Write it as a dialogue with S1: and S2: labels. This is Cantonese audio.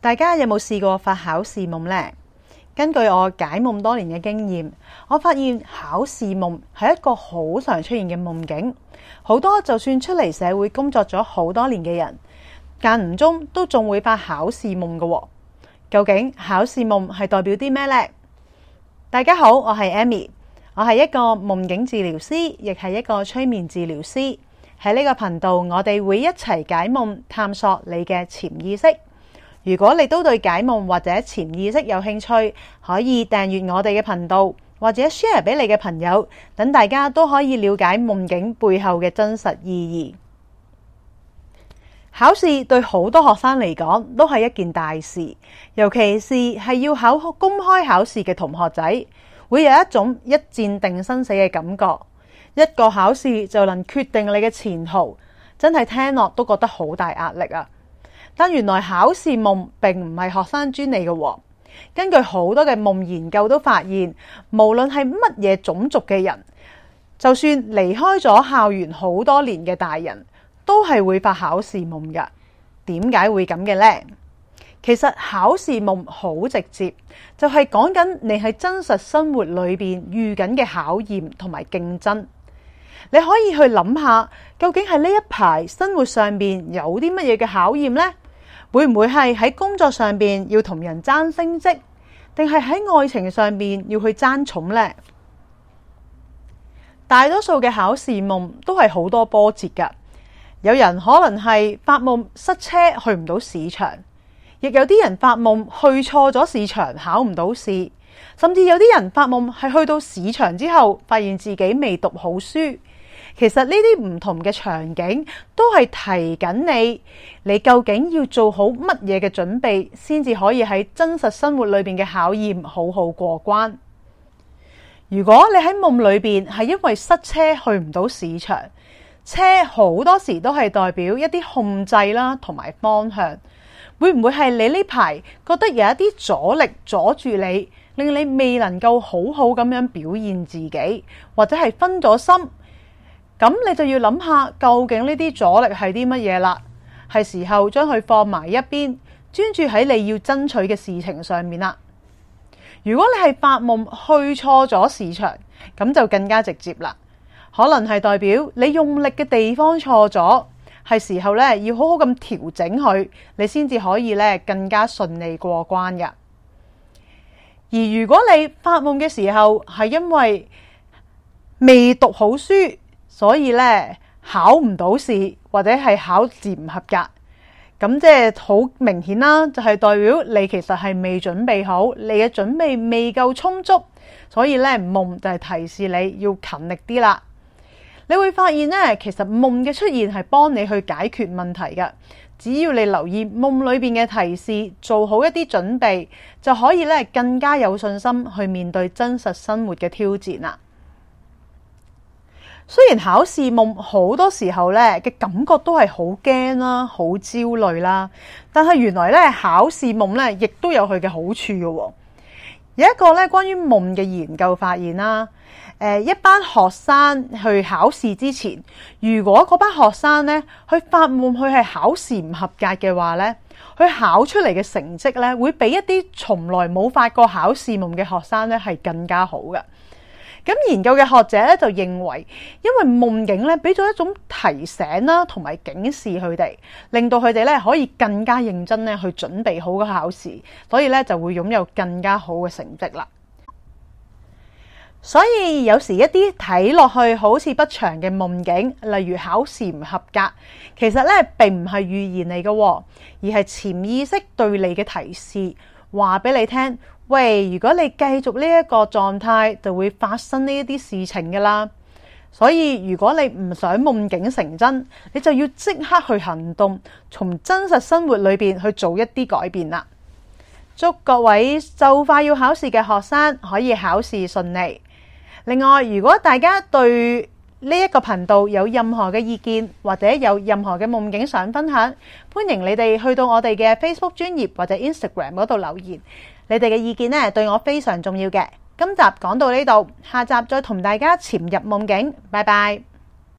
S1: 大家有冇試過發考試夢呢？根據我解夢多年嘅經驗，我發現考試夢係一個好常出現嘅夢境。好多就算出嚟社會工作咗好多年嘅人，間唔中都仲會發考試夢㗎。究竟考試夢係代表啲咩呢？大家好，我係 Amy，我係一個夢境治療師，亦係一個催眠治療師。喺呢個頻道，我哋會一齊解夢，探索你嘅潛意識。如果你都對解夢或者潛意識有興趣，可以訂閱我哋嘅頻道，或者 share 俾你嘅朋友，等大家都可以了解夢境背後嘅真實意義。考試對好多學生嚟講都係一件大事，尤其是係要考公開考試嘅同學仔，會有一種一戰定生死嘅感覺，一個考試就能決定你嘅前途，真係聽落都覺得好大壓力啊！但原來考試夢並唔係學生專利嘅喎。根據好多嘅夢研究都發現，無論係乜嘢種族嘅人，就算離開咗校園好多年嘅大人，都係會發考試夢嘅。點解會咁嘅呢？其實考試夢好直接，就係講緊你喺真實生活裏邊遇緊嘅考驗同埋競爭。你可以去諗下，究竟係呢一排生活上邊有啲乜嘢嘅考驗呢？會唔會係喺工作上邊要同人爭升職，定係喺愛情上邊要去爭寵呢？大多數嘅考試夢都係好多波折噶，有人可能係發夢塞車去唔到市場，亦有啲人發夢去錯咗市場考唔到試，甚至有啲人發夢係去到市場之後，發現自己未讀好書。其實呢啲唔同嘅場景都係提緊你，你究竟要做好乜嘢嘅準備，先至可以喺真實生活裏邊嘅考驗好好過關。如果你喺夢裏邊係因為塞車去唔到試場，車好多時都係代表一啲控制啦，同埋方向，會唔會係你呢排覺得有一啲阻力阻住你，令你未能夠好好咁樣表現自己，或者係分咗心？咁你就要諗下，究竟呢啲阻力係啲乜嘢啦？係時候將佢放埋一邊，專注喺你要爭取嘅事情上面啦。如果你係發夢去錯咗市場，咁就更加直接啦。可能係代表你用力嘅地方錯咗，係時候呢要好好咁調整佢，你先至可以呢更加順利過關噶。而如果你發夢嘅時候係因為未讀好書。所以咧，考唔到試或者係考試唔合格，咁即係好明顯啦，就係代表你其實係未準備好，你嘅準備未夠充足。所以咧，夢就係提示你要勤力啲啦。你會發現咧，其實夢嘅出現係幫你去解決問題嘅。只要你留意夢裏邊嘅提示，做好一啲準備，就可以咧更加有信心去面對真實生活嘅挑戰啦。雖然考試夢好多時候咧嘅感覺都係好驚啦，好焦慮啦，但係原來咧考試夢咧亦都有佢嘅好處嘅。有一個咧關於夢嘅研究發現啦，誒，一班學生去考試之前，如果嗰班學生咧去發夢，佢係考試唔合格嘅話咧，佢考出嚟嘅成績咧會比一啲從來冇發過考試夢嘅學生咧係更加好嘅。咁研究嘅學者咧就認為，因為夢境咧俾咗一種提醒啦，同埋警示佢哋，令到佢哋咧可以更加認真咧去準備好個考試，所以咧就會擁有更加好嘅成績啦。所以有時一啲睇落去好似不詳嘅夢境，例如考試唔合格，其實咧並唔係預言嚟嘅，而係潛意識對你嘅提示，話俾你聽。喂，如果你繼續呢一個狀態，就會發生呢一啲事情㗎喇。所以如果你唔想夢境成真，你就要即刻去行動，從真實生活裏邊去做一啲改變啦。祝各位就快要考試嘅學生可以考試順利。另外，如果大家對呢一個頻道有任何嘅意見或者有任何嘅夢境想分享，歡迎你哋去到我哋嘅 Facebook 專頁或者 Instagram 嗰度留言。你哋嘅意見咧對我非常重要嘅。今集講到呢度，下集再同大家潛入夢境。拜拜。